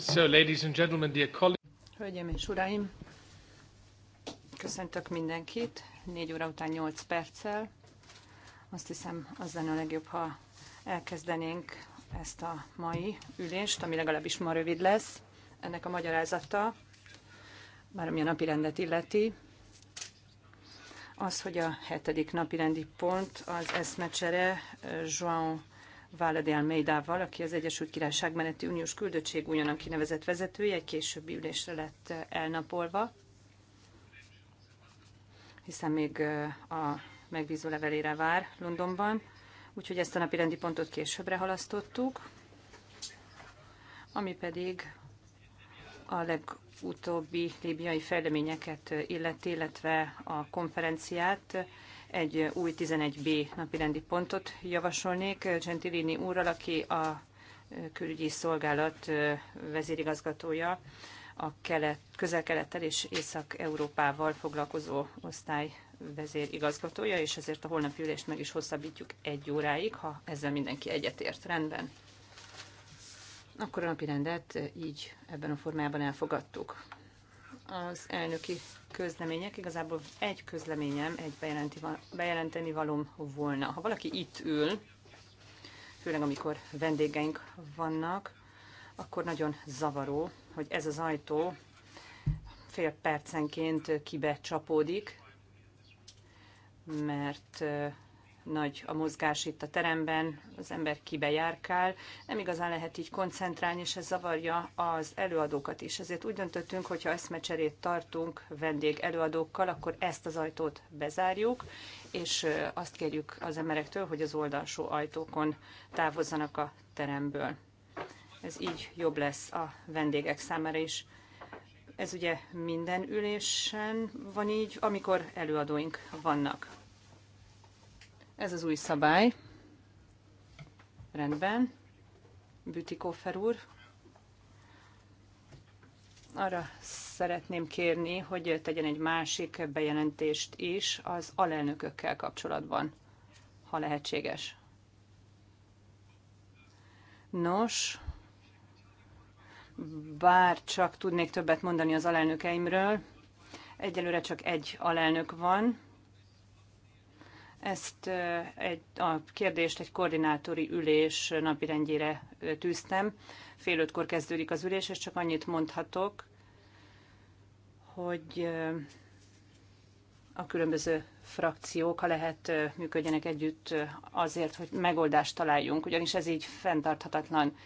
So, ladies and gentlemen, dear colleagues. Hölgyeim és uraim, köszöntök mindenkit. Négy óra után 8 perccel. Azt hiszem, az lenne a legjobb, ha elkezdenénk ezt a mai ülést, ami legalábbis ma rövid lesz. Ennek a magyarázata, már ami a napi rendet illeti, az, hogy a hetedik napi rendi pont az eszmecsere eh, João Vála de Almeidával, aki az Egyesült Királyság meneti uniós küldöttség újonnan kinevezett vezetője, egy későbbi ülésre lett eh, elnapolva, hiszen még eh, a megbízó levelére vár Londonban, úgyhogy ezt a napi rendi pontot későbbre halasztottuk, ami pedig a legutóbbi líbiai fejleményeket eh, illeti, illetve a konferenciát, egy új 11b napirendi pontot javasolnék Gentilini úrral, aki a külügyi szolgálat vezérigazgatója a kelet, közel-kelettel és Észak-Európával foglalkozó osztály vezérigazgatója, és ezért a holnap ülést meg is hosszabbítjuk egy óráig, ha ezzel mindenki egyetért. Rendben. Akkor a napi rendet így ebben a formában elfogadtuk az elnöki közlemények. Igazából egy közleményem, egy bejelenteni valom volna. Ha valaki itt ül, főleg amikor vendégeink vannak, akkor nagyon zavaró, hogy ez az ajtó fél percenként kibecsapódik, mert nagy a mozgás itt a teremben, az ember kibejárkál, nem igazán lehet így koncentrálni, és ez zavarja az előadókat is. Ezért úgy döntöttünk, hogy ha eszmecserét tartunk vendég előadókkal, akkor ezt az ajtót bezárjuk, és azt kérjük az emberektől, hogy az oldalsó ajtókon távozzanak a teremből. Ez így jobb lesz a vendégek számára is. Ez ugye minden ülésen van így, amikor előadóink vannak. Ez az új szabály. Rendben. Bütikófer úr. Arra szeretném kérni, hogy tegyen egy másik bejelentést is az alelnökökkel kapcsolatban, ha lehetséges. Nos, bár csak tudnék többet mondani az alelnökeimről, egyelőre csak egy alelnök van, ezt egy, a kérdést egy koordinátori ülés napirendjére tűztem. Fél ötkor kezdődik az ülés, és csak annyit mondhatok, hogy a különböző frakciók, ha lehet, működjenek együtt azért, hogy megoldást találjunk, ugyanis ez így fenntarthatatlan.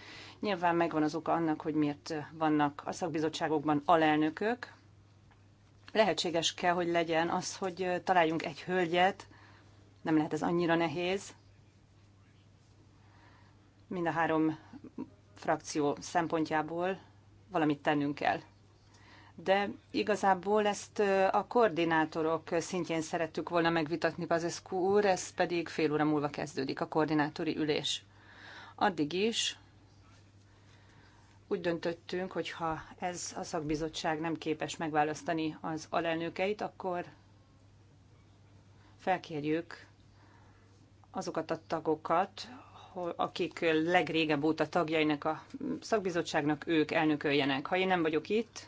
Nyilván megvan az oka annak, hogy miért vannak a szakbizottságokban alelnökök. Lehetséges kell, hogy legyen az, hogy találjunk egy hölgyet, nem lehet ez annyira nehéz. Mind a három frakció szempontjából valamit tennünk kell. De igazából ezt a koordinátorok szintjén szerettük volna megvitatni Bazescu úr, ez pedig fél óra múlva kezdődik a koordinátori ülés. Addig is úgy döntöttünk, hogy ha ez a szakbizottság nem képes megválasztani az alelnökeit, akkor felkérjük azokat a tagokat, akik legrégebb óta tagjainak a szakbizottságnak, ők elnököljenek. Ha én nem vagyok itt,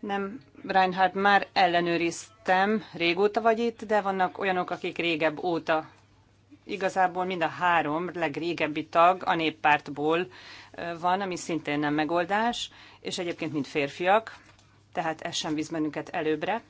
nem, Reinhardt, már ellenőriztem, régóta vagy itt, de vannak olyanok, akik régebb óta. Igazából mind a három legrégebbi tag a néppártból van, ami szintén nem megoldás, és egyébként mind férfiak, tehát ez sem visz bennünket előbbre.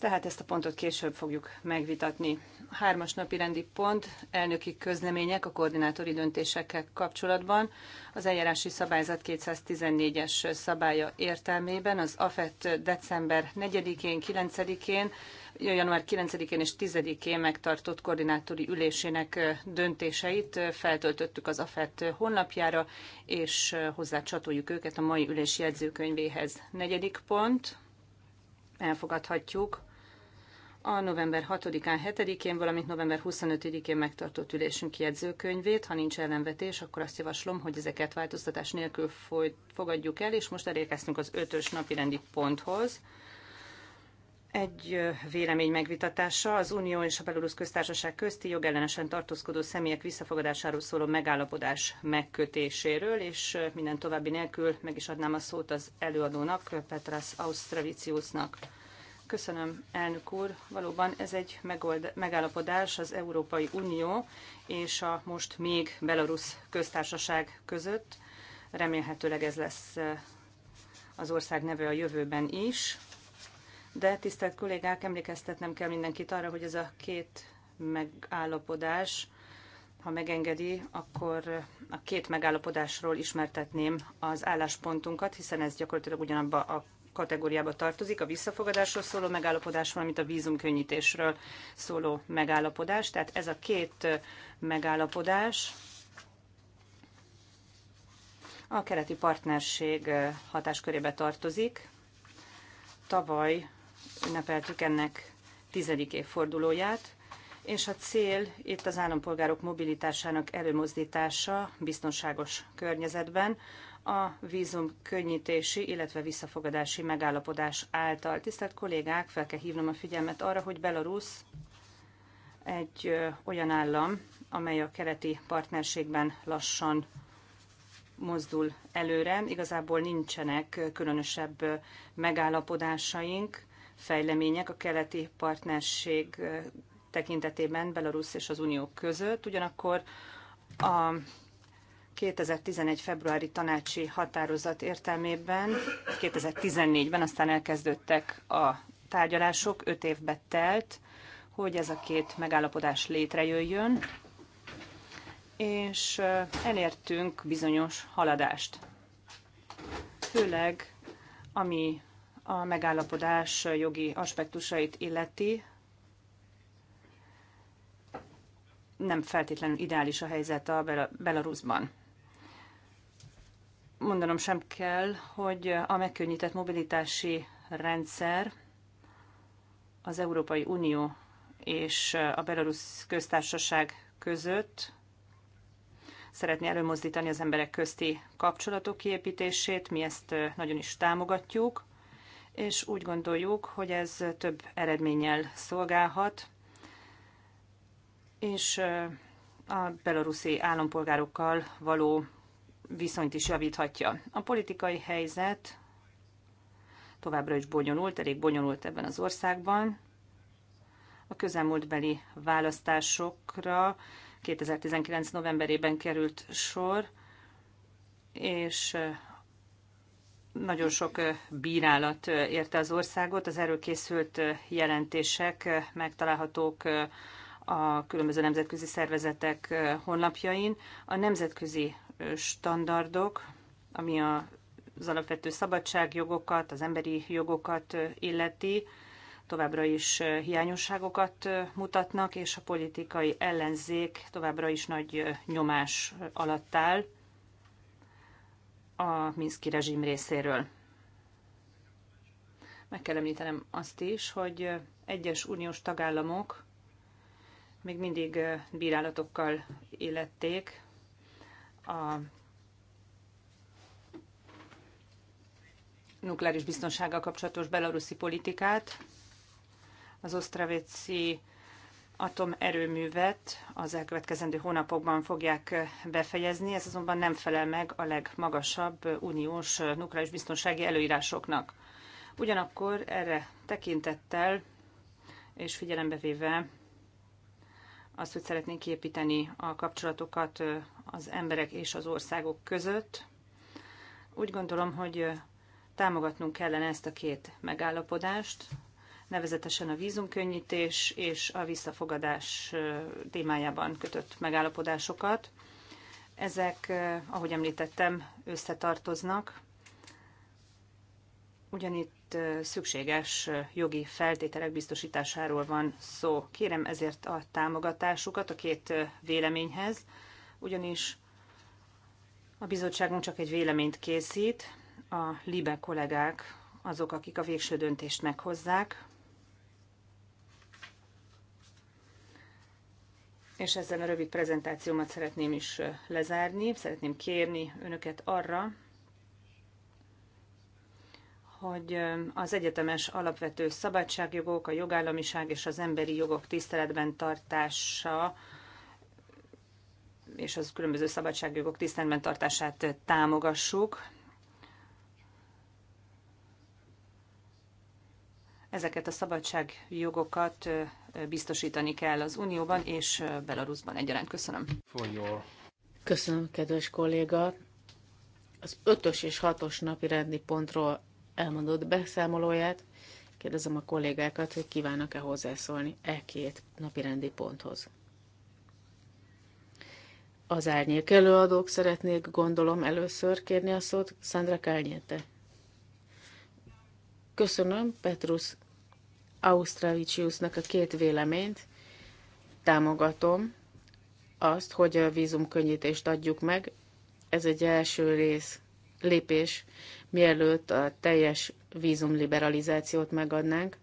Tehát ezt a pontot később fogjuk megvitatni. A hármas napi rendi pont, elnöki közlemények a koordinátori döntésekkel kapcsolatban. Az eljárási szabályzat 214-es szabálya értelmében az AFET december 4-én, 9-én, január 9-én és 10-én megtartott koordinátori ülésének döntéseit feltöltöttük az AFET honlapjára, és hozzá csatoljuk őket a mai ülés jegyzőkönyvéhez. Negyedik pont, elfogadhatjuk a november 6-án, 7-én, valamint november 25-én megtartott ülésünk jegyzőkönyvét. Ha nincs ellenvetés, akkor azt javaslom, hogy ezeket változtatás nélkül fogadjuk el, és most elérkeztünk az ötös napi rendi ponthoz. Egy vélemény megvitatása az Unió és a Belarus köztársaság közti jogellenesen tartózkodó személyek visszafogadásáról szóló megállapodás megkötéséről, és minden további nélkül meg is adnám a szót az előadónak, Petras Austraviciusnak. Köszönöm, elnök úr. Valóban ez egy megold, megállapodás az Európai Unió és a most még Belarus köztársaság között. Remélhetőleg ez lesz eh, az ország neve a jövőben is. De tisztelt kollégák, emlékeztetnem kell mindenkit arra, hogy ez a két megállapodás, ha megengedi, akkor eh, a két megállapodásról ismertetném az álláspontunkat, hiszen ez gyakorlatilag ugyanabba a kategóriába tartozik a visszafogadásról szóló megállapodás, valamint a vízumkönnyítésről szóló megállapodás. Tehát ez a két megállapodás a keleti partnerség hatáskörébe tartozik. Tavaly ünnepeltük ennek tizedik évfordulóját, és a cél itt az állampolgárok mobilitásának előmozdítása biztonságos környezetben, a vízum könnyítési, illetve visszafogadási megállapodás által. Tisztelt kollégák, fel kell hívnom a figyelmet arra, hogy Belarus egy olyan állam, amely a keleti partnerségben lassan mozdul előre. Igazából nincsenek különösebb megállapodásaink, fejlemények a keleti partnerség tekintetében Belarus és az Unió között. Ugyanakkor a 2011. februári tanácsi határozat értelmében 2014-ben aztán elkezdődtek a tárgyalások, öt évbe telt, hogy ez a két megállapodás létrejöjjön, és elértünk bizonyos haladást. Főleg, ami a megállapodás jogi aspektusait illeti, nem feltétlenül ideális a helyzet a Belarusban mondanom sem kell, hogy a megkönnyített mobilitási rendszer az Európai Unió és a Belarus köztársaság között szeretné előmozdítani az emberek közti kapcsolatok kiépítését, mi ezt nagyon is támogatjuk, és úgy gondoljuk, hogy ez több eredménnyel szolgálhat, és a belaruszi állampolgárokkal való viszonyt is javíthatja. A politikai helyzet továbbra is bonyolult, elég bonyolult ebben az országban. A közelmúltbeli választásokra 2019. novemberében került sor, és nagyon sok bírálat érte az országot. Az erről készült jelentések megtalálhatók a különböző nemzetközi szervezetek honlapjain. A nemzetközi standardok, ami az alapvető szabadságjogokat, az emberi jogokat illeti, továbbra is hiányosságokat mutatnak, és a politikai ellenzék továbbra is nagy nyomás alatt áll a Minszki rezsim részéről. Meg kell említenem azt is, hogy egyes uniós tagállamok még mindig bírálatokkal illették a nukleáris biztonsággal kapcsolatos belaruszi politikát, az osztravéci atomerőművet az elkövetkezendő hónapokban fogják befejezni, ez azonban nem felel meg a legmagasabb uniós nukleáris biztonsági előírásoknak. Ugyanakkor erre tekintettel és figyelembe véve azt hogy szeretnénk kiépíteni a kapcsolatokat az emberek és az országok között. Úgy gondolom, hogy támogatnunk kellene ezt a két megállapodást, nevezetesen a vízumkönnyítés és a visszafogadás témájában kötött megállapodásokat. Ezek, ahogy említettem, összetartoznak, ugyanitt szükséges jogi feltételek biztosításáról van szó. Kérem ezért a támogatásukat a két véleményhez, ugyanis a bizottságunk csak egy véleményt készít, a LIBE kollégák azok, akik a végső döntést meghozzák, és ezzel a rövid prezentációmat szeretném is lezárni. Szeretném kérni önöket arra, hogy az egyetemes alapvető szabadságjogok, a jogállamiság és az emberi jogok tiszteletben tartása és az különböző szabadságjogok tiszteletben tartását támogassuk. Ezeket a szabadságjogokat biztosítani kell az Unióban és Belarusban egyaránt. Köszönöm. Köszönöm, kedves kolléga. Az ötös és hatos napi rendi pontról elmondott beszámolóját. Kérdezem a kollégákat, hogy kívánnak-e hozzászólni e két napirendi ponthoz. Az árnyék előadók szeretnék, gondolom, először kérni a szót. Sandra Kálnyete. Köszönöm Petrus Austraviciusnak a két véleményt. Támogatom azt, hogy a vízumkönnyítést adjuk meg. Ez egy első rész lépés, mielőtt a teljes vízumliberalizációt megadnánk,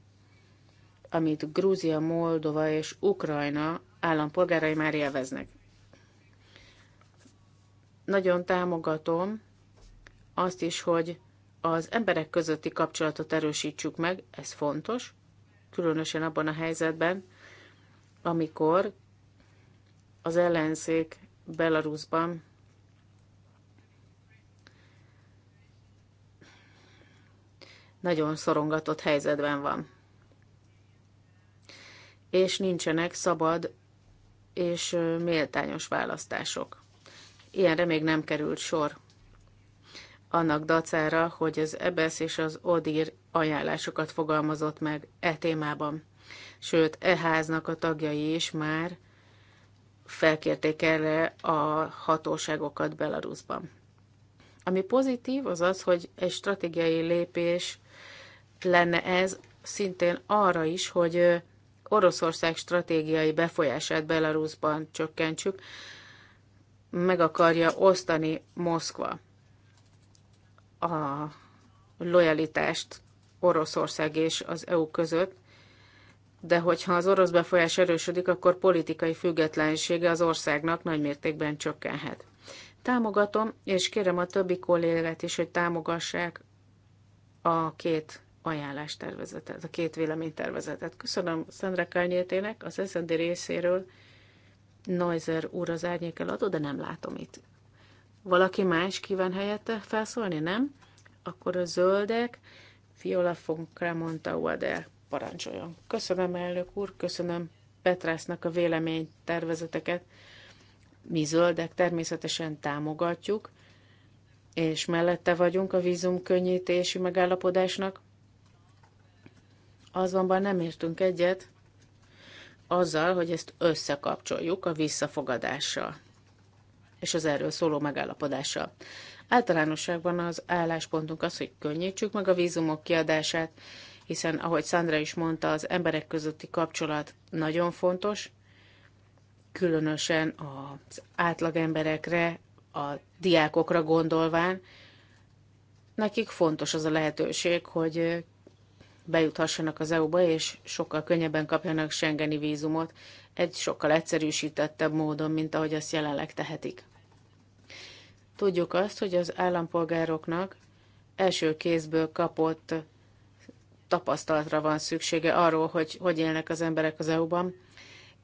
amit Grúzia, Moldova és Ukrajna állampolgárai már élveznek. Nagyon támogatom azt is, hogy az emberek közötti kapcsolatot erősítsük meg, ez fontos, különösen abban a helyzetben, amikor az ellenszék Belarusban nagyon szorongatott helyzetben van. És nincsenek szabad és méltányos választások. Ilyenre még nem került sor. Annak dacára, hogy az EBESZ és az ODIR ajánlásokat fogalmazott meg e témában. Sőt, e háznak a tagjai is már felkérték erre a hatóságokat Belarusban. Ami pozitív, az az, hogy egy stratégiai lépés lenne ez szintén arra is, hogy Oroszország stratégiai befolyását Belarusban csökkentsük, meg akarja osztani Moszkva a lojalitást Oroszország és az EU között, de hogyha az orosz befolyás erősödik, akkor politikai függetlensége az országnak nagy mértékben csökkenhet. Támogatom, és kérem a többi kollégát is, hogy támogassák a két ajánlástervezetet, a két véleménytervezetet. Köszönöm Szendre Kányétének az SZND részéről. Neuser úr az árnyékel adó, de nem látom itt. Valaki más kíván helyette felszólni, nem? Akkor a zöldek, Fiola von Cremonta Uadel parancsoljon. Köszönöm, elnök úr, köszönöm Petrásznak a véleménytervezeteket. Mi zöldek természetesen támogatjuk, és mellette vagyunk a vízumkönnyítési megállapodásnak, Azonban nem értünk egyet azzal, hogy ezt összekapcsoljuk a visszafogadással és az erről szóló megállapodással. Általánosságban az álláspontunk az, hogy könnyítsük meg a vízumok kiadását, hiszen, ahogy Sandra is mondta, az emberek közötti kapcsolat nagyon fontos, különösen az átlagemberekre, a diákokra gondolván, nekik fontos az a lehetőség, hogy bejuthassanak az EU-ba, és sokkal könnyebben kapjanak Schengeni vízumot, egy sokkal egyszerűsítettebb módon, mint ahogy azt jelenleg tehetik. Tudjuk azt, hogy az állampolgároknak első kézből kapott tapasztalatra van szüksége arról, hogy hogy élnek az emberek az EU-ban,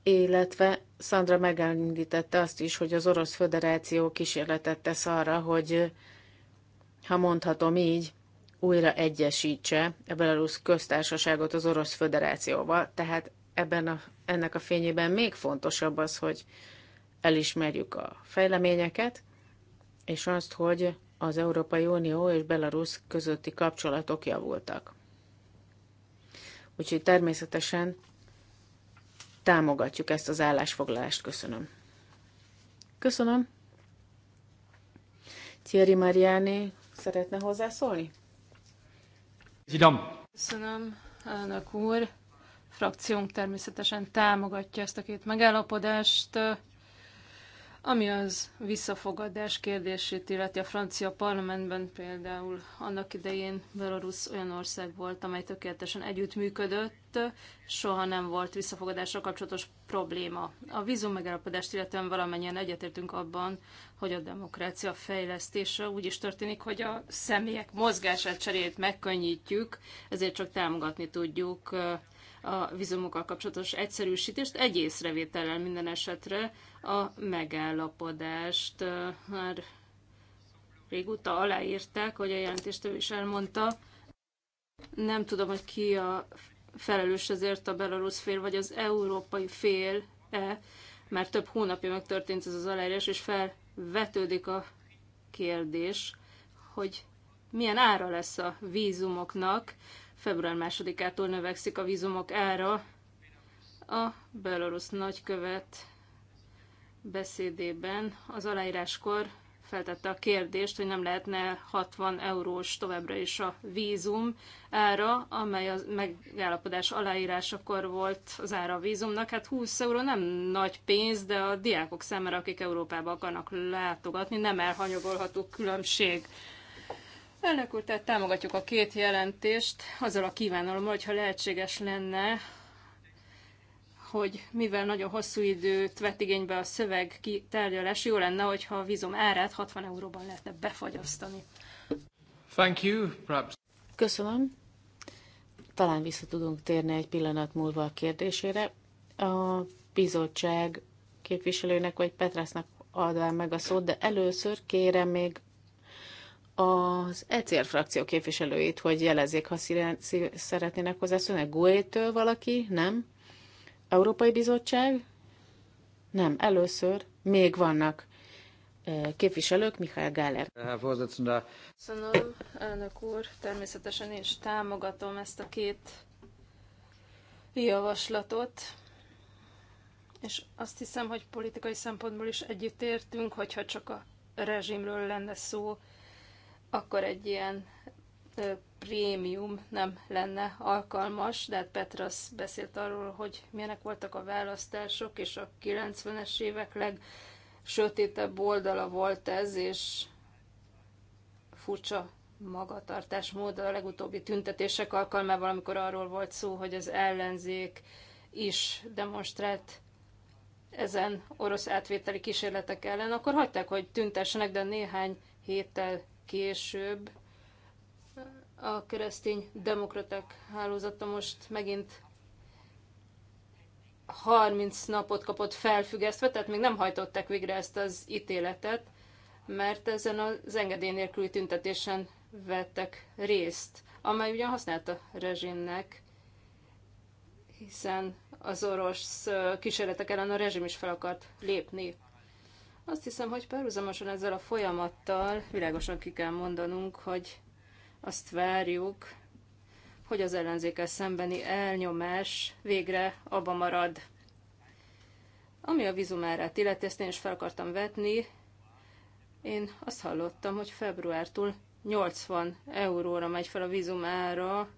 illetve Sandra megemlítette azt is, hogy az Orosz Föderáció kísérletet tesz arra, hogy, ha mondhatom így, újra egyesítse a Belarus köztársaságot az Orosz Föderációval, tehát ebben a, ennek a fényében még fontosabb az, hogy elismerjük a fejleményeket, és azt, hogy az Európai Unió és Belarus közötti kapcsolatok javultak. Úgyhogy természetesen támogatjuk ezt az állásfoglalást. Köszönöm. Köszönöm. Thierry Mariani szeretne hozzászólni? Köszönöm, elnök úr. Frakciónk természetesen támogatja ezt a két megállapodást ami az visszafogadás kérdését illeti a francia parlamentben például annak idején Belarus olyan ország volt, amely tökéletesen együttműködött, soha nem volt visszafogadásra kapcsolatos probléma. A vízum megállapodást illetően valamennyien egyetértünk abban, hogy a demokrácia fejlesztése úgy is történik, hogy a személyek mozgását cserét megkönnyítjük, ezért csak támogatni tudjuk a vízumokkal kapcsolatos egyszerűsítést egy észrevétellel minden esetre a megállapodást már régóta aláírták, hogy a jelentéstől is elmondta. Nem tudom, hogy ki a felelős ezért a belarusz fél, vagy az európai fél-e, mert több hónapja megtörtént ez az aláírás, és felvetődik a kérdés, hogy milyen ára lesz a vízumoknak, Február másodikától növekszik a vízumok ára. A belorusz nagykövet beszédében az aláíráskor feltette a kérdést, hogy nem lehetne 60 eurós továbbra is a vízum ára, amely a megállapodás aláírásakor volt az ára a vízumnak. Hát 20 euró nem nagy pénz, de a diákok számára, akik Európába akarnak látogatni, nem elhanyagolható különbség. Elnök úr, tehát támogatjuk a két jelentést azzal a kívánalommal, hogyha lehetséges lenne, hogy mivel nagyon hosszú időt vett igénybe a szöveg kitárgyalás, jó lenne, hogyha a vízum árát 60 euróban lehetne befagyasztani. Thank you, perhaps. Köszönöm. Talán vissza tudunk térni egy pillanat múlva a kérdésére. A bizottság képviselőnek vagy Petrasznak adnám meg a szót, de először kérem még az ECR frakció képviselőit, hogy jelezzék, ha szeretnének hozzászólni. GUE-től valaki? Nem? Európai Bizottság? Nem, először még vannak e, képviselők, Mihály Gáler. Köszönöm, elnök úr. Természetesen én is támogatom ezt a két javaslatot, és azt hiszem, hogy politikai szempontból is együtt értünk, hogyha csak a rezsimről lenne szó, akkor egy ilyen prémium nem lenne alkalmas, de hát Petras beszélt arról, hogy milyenek voltak a választások, és a 90-es évek legsötétebb oldala volt ez, és furcsa magatartásmód a legutóbbi tüntetések alkalmával, amikor arról volt szó, hogy az ellenzék is demonstrált ezen orosz átvételi kísérletek ellen, akkor hagyták, hogy tüntessenek, de néhány héttel később a keresztény demokraták hálózata most megint 30 napot kapott felfüggesztve, tehát még nem hajtották végre ezt az ítéletet, mert ezen az engedély nélküli tüntetésen vettek részt, amely ugyan használt a rezsimnek, hiszen az orosz kísérletek ellen a rezsim is fel akart lépni. Azt hiszem, hogy párhuzamosan ezzel a folyamattal világosan ki kell mondanunk, hogy azt várjuk, hogy az ellenzékel szembeni elnyomás végre abba marad. Ami a vizumárát illeti, ezt én is fel akartam vetni. Én azt hallottam, hogy februártól 80 euróra megy fel a vizumára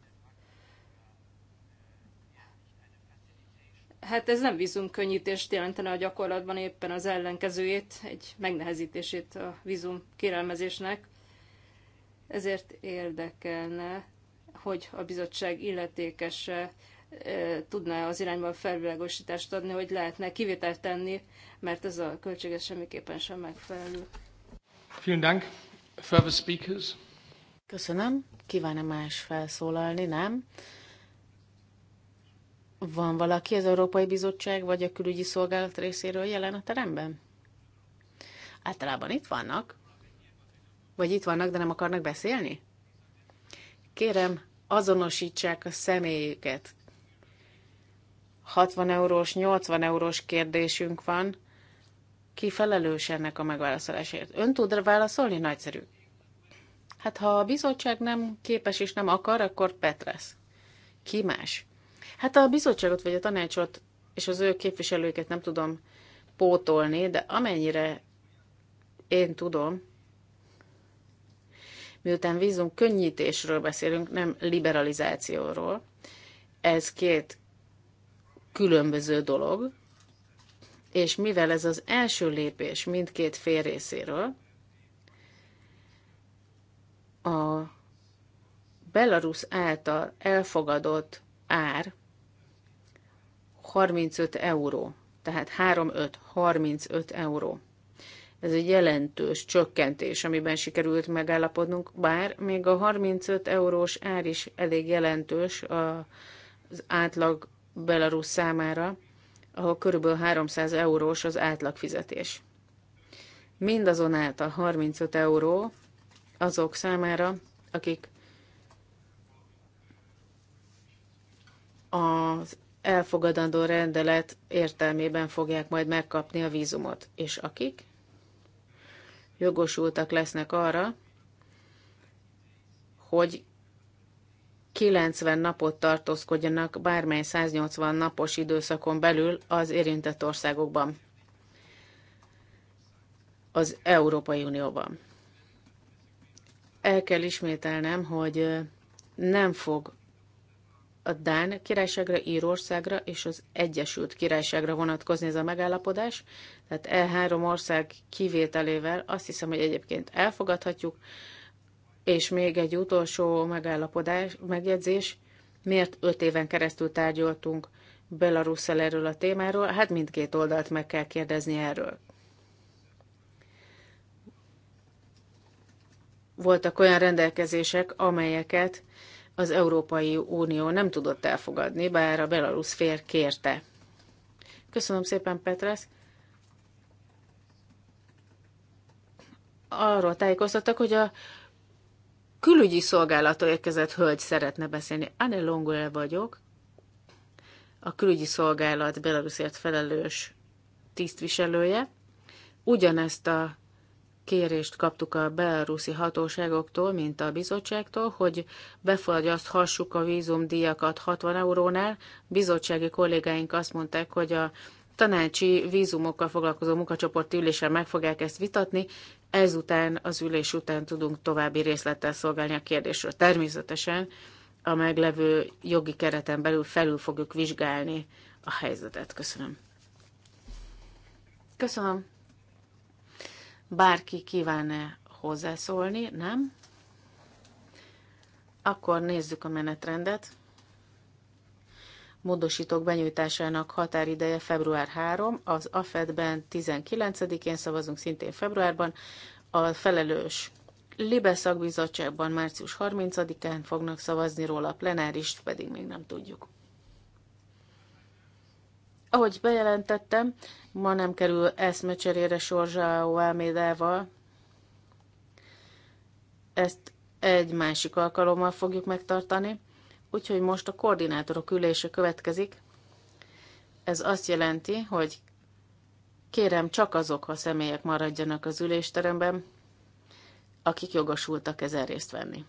hát ez nem könnyítést jelentene a gyakorlatban, éppen az ellenkezőjét, egy megnehezítését a vízum kérelmezésnek. Ezért érdekelne, hogy a bizottság illetékese e, tudná az irányban felvilágosítást adni, hogy lehetne kivételt tenni, mert ez a költséges semmiképpen sem megfelelő. Vielen Dank. Further speakers? Köszönöm. Kívánna más felszólalni, nem? Van valaki az Európai Bizottság vagy a Külügyi Szolgálat részéről jelen a teremben? Általában itt vannak. Vagy itt vannak, de nem akarnak beszélni? Kérem, azonosítsák a személyüket. 60 eurós, 80 eurós kérdésünk van. Ki felelős ennek a megválaszolásért? Ön tud válaszolni? Nagyszerű. Hát ha a bizottság nem képes és nem akar, akkor Petresz. Ki más? Hát a bizottságot vagy a tanácsot és az ő képviselőket nem tudom pótolni, de amennyire én tudom, miután vízum könnyítésről beszélünk, nem liberalizációról, ez két különböző dolog, és mivel ez az első lépés mindkét fél részéről, a Belarus által elfogadott ár 35 euró. Tehát 3-5-35 euró. Ez egy jelentős csökkentés, amiben sikerült megállapodnunk, bár még a 35 eurós ár is elég jelentős az átlag Belarus számára, ahol körülbelül 300 eurós az átlag fizetés. Mindazonáltal 35 euró azok számára, akik az elfogadandó rendelet értelmében fogják majd megkapni a vízumot, és akik jogosultak lesznek arra, hogy 90 napot tartózkodjanak bármely 180 napos időszakon belül az érintett országokban, az Európai Unióban. El kell ismételnem, hogy nem fog a Dán királyságra, Írországra és az Egyesült Királyságra vonatkozni ez a megállapodás, tehát e három ország kivételével azt hiszem, hogy egyébként elfogadhatjuk, és még egy utolsó megállapodás, megjegyzés, miért öt éven keresztül tárgyaltunk Belarusszal erről a témáról, hát mindkét oldalt meg kell kérdezni erről. Voltak olyan rendelkezések, amelyeket az Európai Unió nem tudott elfogadni, bár a belarusz fér kérte. Köszönöm szépen, Petrasz. Arról tájékoztattak, hogy a külügyi szolgálattól érkezett hölgy szeretne beszélni. Anne Longuel vagyok, a külügyi szolgálat Belarusért felelős tisztviselője. Ugyanezt a kérést kaptuk a belaruszi hatóságoktól, mint a bizottságtól, hogy befagyaszthassuk a vízumdíjakat 60 eurónál. Bizottsági kollégáink azt mondták, hogy a tanácsi vízumokkal foglalkozó munkacsoport ülésen meg fogják ezt vitatni, ezután az ülés után tudunk további részlettel szolgálni a kérdésről. Természetesen a meglevő jogi kereten belül felül fogjuk vizsgálni a helyzetet. Köszönöm. Köszönöm. Bárki kíván-e hozzászólni? Nem? Akkor nézzük a menetrendet. Módosítók benyújtásának határideje február 3, az AFED-ben 19-én szavazunk szintén februárban, a felelős Libe szakbizottságban március 30-án fognak szavazni róla, a plenárist pedig még nem tudjuk. Ahogy bejelentettem, ma nem kerül eszmecserére Sorzsáó elmédával. Ezt egy másik alkalommal fogjuk megtartani, úgyhogy most a koordinátorok ülése következik. Ez azt jelenti, hogy kérem csak azok a személyek maradjanak az ülésteremben, akik jogosultak ezen részt venni.